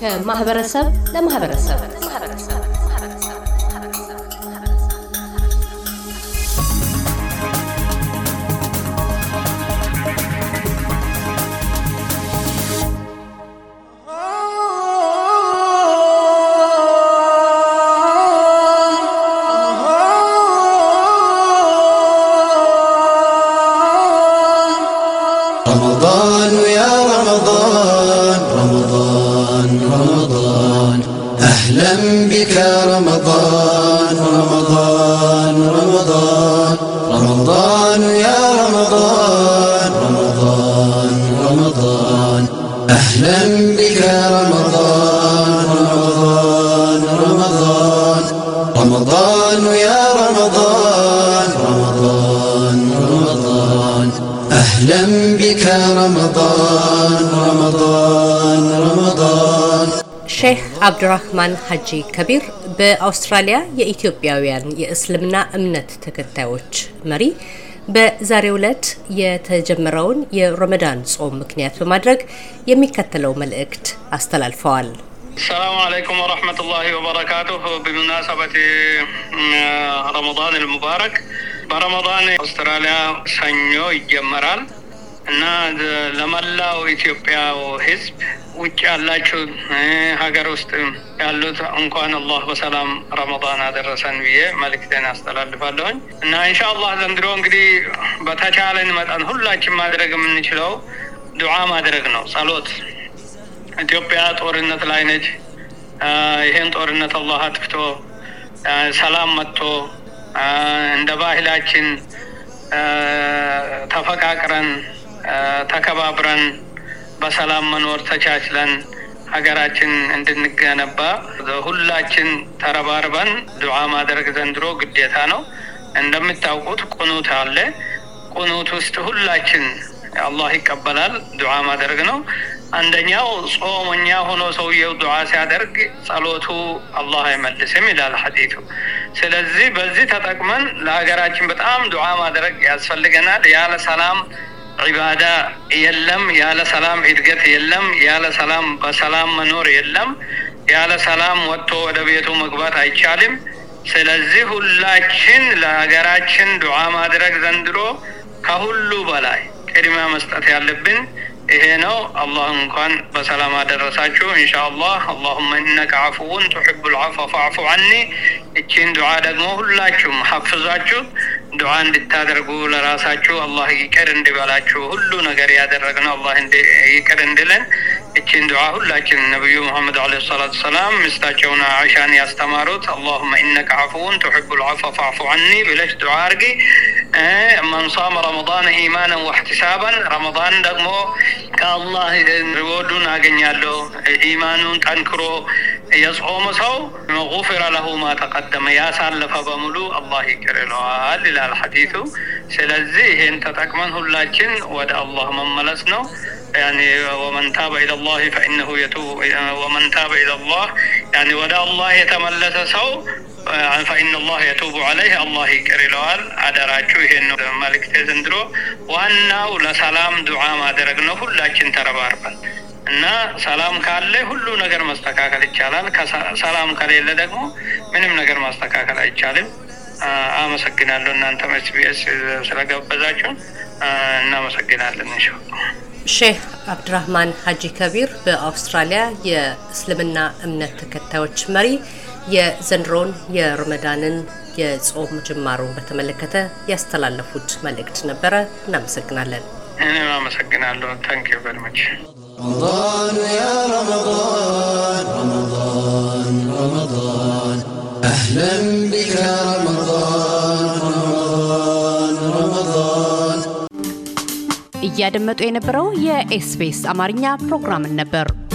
ከማህበረሰብ ለማህበረሰብ رمضان يا رمضان رمضان رمضان أهلا بك رمضان رمضان رمضان رمضان يا رمضان رمضان رمضان أهلا بك رمضان رمضان رمضان رمضان يا رمضان رمضان رمضان أهلا بك رمضان رمضان رمضان ሼህ አብዱራህማን ሐጂ ከቢር በአውስትራሊያ የኢትዮጵያውያን የእስልምና እምነት ተከታዮች መሪ በዛሬው ዕለት የተጀመረውን የረመዳን ጾም ምክንያት በማድረግ የሚከተለው መልእክት አስተላልፈዋል። السلام عليكم ورحمة الله وبركاته بمناسبة رمضان المبارك በረመዳን አውስትራሊያ ሰኞ ይጀመራል እና ለመላው ኢትዮጵያው ህዝብ ውጭ ያላችሁ ሀገር ውስጥ ያሉት እንኳን አላህ በሰላም ረመዳን አደረሰን ብዬ መልክትን አስተላልፋለሁኝ እና እንሻ አላህ ዘንድሮ እንግዲህ በተቻለን መጠን ሁላችን ማድረግ የምንችለው ዱዓ ማድረግ ነው። ጸሎት። ኢትዮጵያ ጦርነት ላይ ነች። ይህን ጦርነት አላህ አጥፍቶ ሰላም መጥቶ እንደ ባህላችን ተፈቃቅረን ተከባብረን በሰላም መኖር ተቻችለን ሀገራችን እንድንገነባ ሁላችን ተረባርበን ዱዓ ማድረግ ዘንድሮ ግዴታ ነው። እንደምታውቁት ቁኑት አለ። ቁኑት ውስጥ ሁላችን አላህ ይቀበላል። ዱዓ ማድረግ ነው። አንደኛው ጾመኛ ሆኖ ሰውየው ዱዓ ሲያደርግ ጸሎቱ አላህ አይመልስም ይላል ሐዲቱ። ስለዚህ በዚህ ተጠቅመን ለሀገራችን በጣም ዱዓ ማድረግ ያስፈልገናል። ያለ ሰላም ዒባዳ የለም፣ ያለ ሰላም እድገት የለም፣ ያለ ሰላም በሰላም መኖር የለም፣ ያለ ሰላም ወጥቶ ወደ ቤቱ መግባት አይቻልም። ስለዚህ ሁላችን ለሀገራችን ዱዓ ማድረግ ዘንድሮ ከሁሉ በላይ ቅድሚያ መስጠት ያለብን ይሄ ነው። አላህ እንኳን በሰላም አደረሳችሁ። ኢንሻአላህ አላሁመ ኢነከ ዐፉውን ቱሒቡል ዐፍወ ፈዕፉ ዐኒ። እቺን ዱዓ ደግሞ ሁላችሁም ሐፍዛችሁ ዱዓ እንድታደርጉ ለራሳችሁ አላህ ይቅር እንዲበላችሁ ሁሉ ነገር ያደረግነው አላህ ይቅር እንድለን እቺን ዱዓ ሁላችን ነቢዩ ሙሐመድ ዐለይሂ ሰላቱ ሰላም ምስታቸውን አሻን ያስተማሩት አላሁመ ኢነከ ዐፉውን ቱሒቡል ዐፍወ ፈዕፉ ዐኒ ብለሽ ዱዓ አርጊ። መን ሷመ ረመዳን ኢማናን ወእሕቲሳባን ረመዳን ደግሞ ከአላህ ሪወርዱን አገኛለሁ። ኢማኑን ጠንክሮ የጾመ ሰው ጉፊረ ለሁ ማ ተቀደመ ያሳለፈ በሙሉ አላህ ይቅር ይለዋል ይላል ሐዲቱ። ስለዚህ ይህን ተጠቅመን ሁላችን ወደ አላህ መመለስ ነው። ያኔ ወመን ታበ ኢለላህ ፈኢነሁ የቱቡ ወመን ታበ ኢለላህ ያኔ ወደ አላህ የተመለሰ ሰው ፈኢነላህ የቱቡ ዐለይህ አላህ ይቅር ይለዋል። አደራችሁ ይሄን ነው ዘንድሮ። ዋናው ለሰላም ዱዓ ማድረግ ነው። ሁላችን ተረባርበን እና ሰላም ካለ ሁሉ ነገር ማስተካከል ይቻላል። ሰላም ከሌለ ደግሞ ምንም ነገር ማስተካከል አይቻልም። አመሰግናለሁ። እናንተ መስቢስ ስለጋበዛችሁን እናመሰግናለን። እንሻ ሼህ አብድራህማን ሀጂ ከቢር በአውስትራሊያ የእስልምና እምነት ተከታዮች መሪ የዘንድሮን የረመዳንን የጾም ጅማሮን በተመለከተ ያስተላለፉት መልእክት ነበረ። እናመሰግናለን። እኔም አመሰግናለሁ። ታንክ ዩ ቨሪ ማች እያደመጡ የነበረው የኤስቢኤስ አማርኛ ፕሮግራምን ነበር።